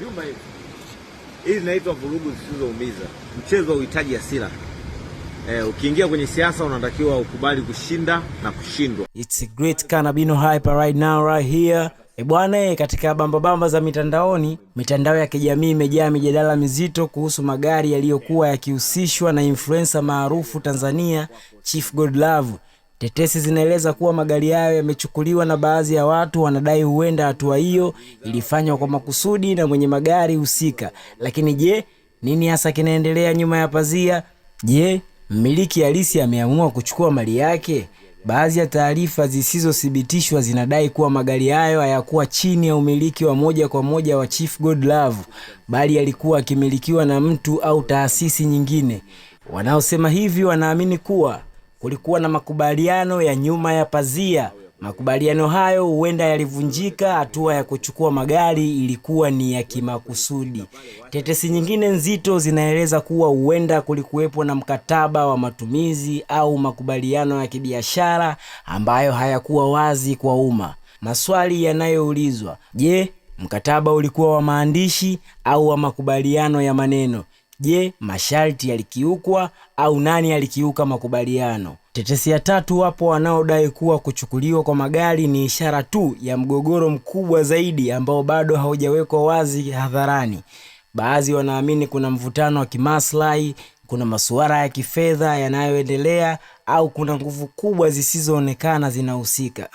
vyuma hivi. Hizi zinaitwa vurugu zisizoumiza. Mchezo hauhitaji hasira. Eh, ukiingia kwenye siasa unatakiwa ukubali kushinda na kushindwa. It's a great Kanabino hype right now right here. E bwana, eh, katika bambabamba bamba za mitandaoni, mitandao ya kijamii imejaa mijadala mizito kuhusu magari yaliyokuwa yakihusishwa na influencer maarufu Tanzania Chief Godlove Tetesi zinaeleza kuwa magari hayo yamechukuliwa na baadhi ya watu wanadai huenda hatua hiyo ilifanywa kwa makusudi na mwenye magari husika. Lakini je, nini hasa kinaendelea nyuma ya pazia? Je, mmiliki halisi ameamua kuchukua mali yake? Baadhi ya taarifa zisizothibitishwa zinadai kuwa magari hayo hayakuwa chini ya umiliki wa moja kwa moja wa Chief Godlove, bali yalikuwa akimilikiwa na mtu au taasisi nyingine. Wanaosema hivi wanaamini kuwa kulikuwa na makubaliano ya nyuma ya pazia. Makubaliano hayo huenda yalivunjika. Hatua ya kuchukua magari ilikuwa ni ya kimakusudi. Tetesi nyingine nzito zinaeleza kuwa huenda kulikuwepo na mkataba wa matumizi au makubaliano ya kibiashara ambayo hayakuwa wazi kwa umma. Maswali yanayoulizwa: je, mkataba ulikuwa wa maandishi au wa makubaliano ya maneno? Je, masharti yalikiukwa au nani alikiuka makubaliano? Tetesi ya tatu, wapo wanaodai kuwa kuchukuliwa kwa magari ni ishara tu ya mgogoro mkubwa zaidi ambao bado haujawekwa wazi hadharani. Baadhi wanaamini kuna mvutano wa kimaslahi, kuna masuala ya kifedha yanayoendelea au kuna nguvu kubwa zisizoonekana zinahusika.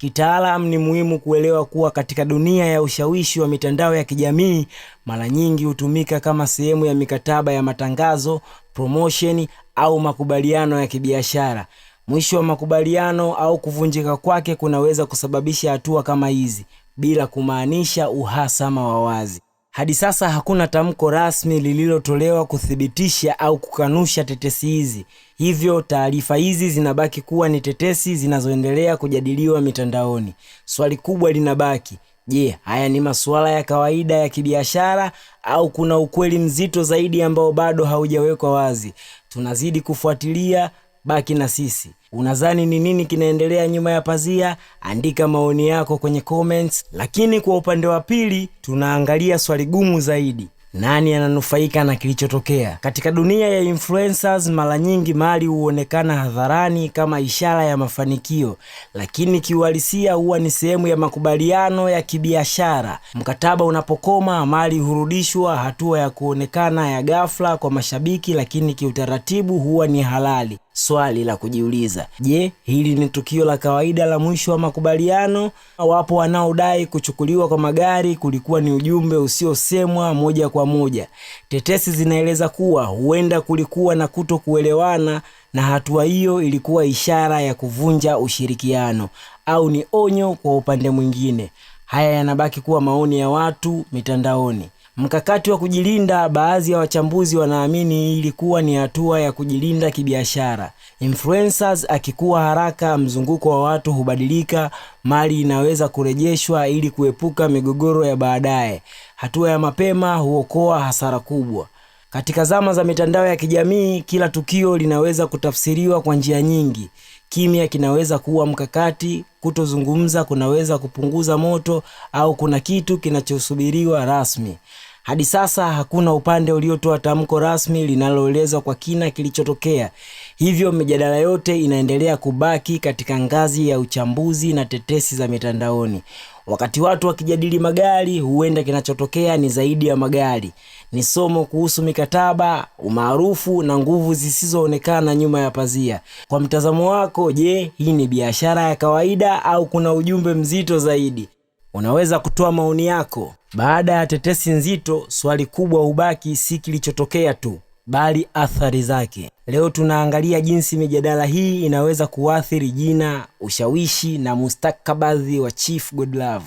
Kitaalamu ni muhimu kuelewa kuwa katika dunia ya ushawishi wa mitandao ya kijamii, mara nyingi hutumika kama sehemu ya mikataba ya matangazo, promotion au makubaliano ya kibiashara. Mwisho wa makubaliano au kuvunjika kwake kunaweza kusababisha hatua kama hizi, bila kumaanisha uhasama wa wazi. Hadi sasa hakuna tamko rasmi lililotolewa kuthibitisha au kukanusha tetesi hizi, hivyo taarifa hizi zinabaki kuwa ni tetesi zinazoendelea kujadiliwa mitandaoni. Swali kubwa linabaki, je, haya ni masuala ya kawaida ya kibiashara au kuna ukweli mzito zaidi ambao bado haujawekwa wazi? Tunazidi kufuatilia baki na sisi. Unadhani ni nini kinaendelea nyuma ya pazia? Andika maoni yako kwenye comments. Lakini kwa upande wa pili, tunaangalia swali gumu zaidi. Nani ananufaika na kilichotokea? Katika dunia ya influencers, mara nyingi mali huonekana hadharani kama ishara ya mafanikio, lakini kiuhalisia huwa ni sehemu ya makubaliano ya kibiashara. Mkataba unapokoma, mali hurudishwa, hatua ya kuonekana ya ghafla kwa mashabiki, lakini kiutaratibu huwa ni halali swali la kujiuliza. Je, hili ni tukio la kawaida la mwisho wa makubaliano? Wapo wanaodai kuchukuliwa kwa magari kulikuwa ni ujumbe usiosemwa moja kwa moja. Tetesi zinaeleza kuwa huenda kulikuwa na kutokuelewana na hatua hiyo ilikuwa ishara ya kuvunja ushirikiano au ni onyo kwa upande mwingine. Haya yanabaki kuwa maoni ya watu mitandaoni. Mkakati wa kujilinda, baadhi ya wachambuzi wanaamini ilikuwa ni hatua ya kujilinda kibiashara. Influencers akikuwa haraka, mzunguko wa watu hubadilika, mali inaweza kurejeshwa ili kuepuka migogoro ya baadaye. Hatua ya mapema huokoa hasara kubwa. Katika zama za mitandao ya kijamii, kila tukio linaweza kutafsiriwa kwa njia nyingi. Kimya kinaweza kuwa mkakati, kutozungumza kunaweza kupunguza moto, au kuna kitu kinachosubiriwa rasmi. Hadi sasa hakuna upande uliotoa tamko rasmi linaloeleza kwa kina kilichotokea, hivyo mijadala yote inaendelea kubaki katika ngazi ya uchambuzi na tetesi za mitandaoni. Wakati watu wakijadili magari, huenda kinachotokea ni zaidi ya magari. Ni somo kuhusu mikataba, umaarufu na nguvu zisizoonekana nyuma ya pazia. Kwa mtazamo wako, je, hii ni biashara ya kawaida au kuna ujumbe mzito zaidi? Unaweza kutoa maoni yako. Baada ya tetesi nzito, swali kubwa hubaki si kilichotokea tu bali athari zake. Leo tunaangalia jinsi mijadala hii inaweza kuathiri jina, ushawishi na mustakabadhi wa Chief Godlove.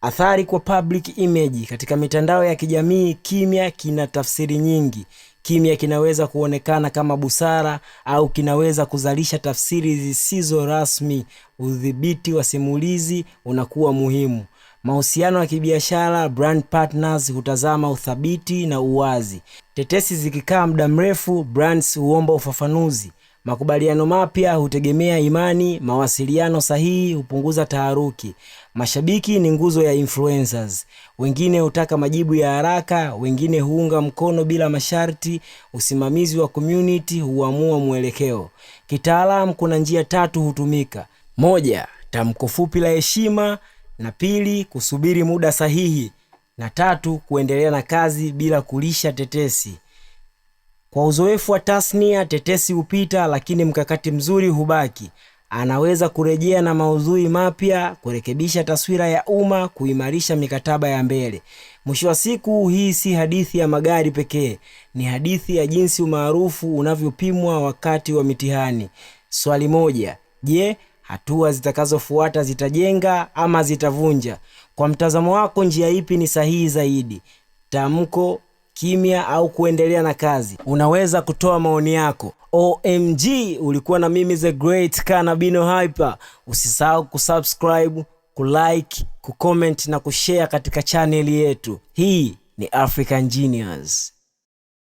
Athari kwa public image katika mitandao ya kijamii. Kimya kina tafsiri nyingi. Kimya kinaweza kuonekana kama busara au kinaweza kuzalisha tafsiri zisizo rasmi. Udhibiti wa simulizi unakuwa muhimu. Mahusiano ya kibiashara, brand partners hutazama uthabiti na uwazi. Tetesi zikikaa muda mrefu, brands huomba ufafanuzi. Makubaliano mapya hutegemea imani. Mawasiliano sahihi hupunguza taharuki. Mashabiki ni nguzo ya influencers. Wengine hutaka majibu ya haraka, wengine huunga mkono bila masharti. Usimamizi wa community huamua mwelekeo. Kitaalamu, kuna njia tatu hutumika: moja, tamko fupi la heshima na pili, kusubiri muda sahihi na tatu, kuendelea na kazi bila kulisha tetesi. Kwa uzoefu wa tasnia, tetesi hupita, lakini mkakati mzuri hubaki. Anaweza kurejea na maudhui mapya, kurekebisha taswira ya umma, kuimarisha mikataba ya mbele. Mwisho wa siku, hii si hadithi ya magari pekee, ni hadithi ya jinsi umaarufu unavyopimwa wakati wa mitihani. Swali moja: je, Hatua zitakazofuata zitajenga ama zitavunja? Kwa mtazamo wako, njia ipi ni sahihi zaidi, tamko, kimya au kuendelea na kazi? Unaweza kutoa maoni yako. OMG, ulikuwa na mimi the great Kanabino Hyper. Usisahau kusubscribe, kulike, kucomment na kushare katika chaneli yetu. Hii ni African Genius.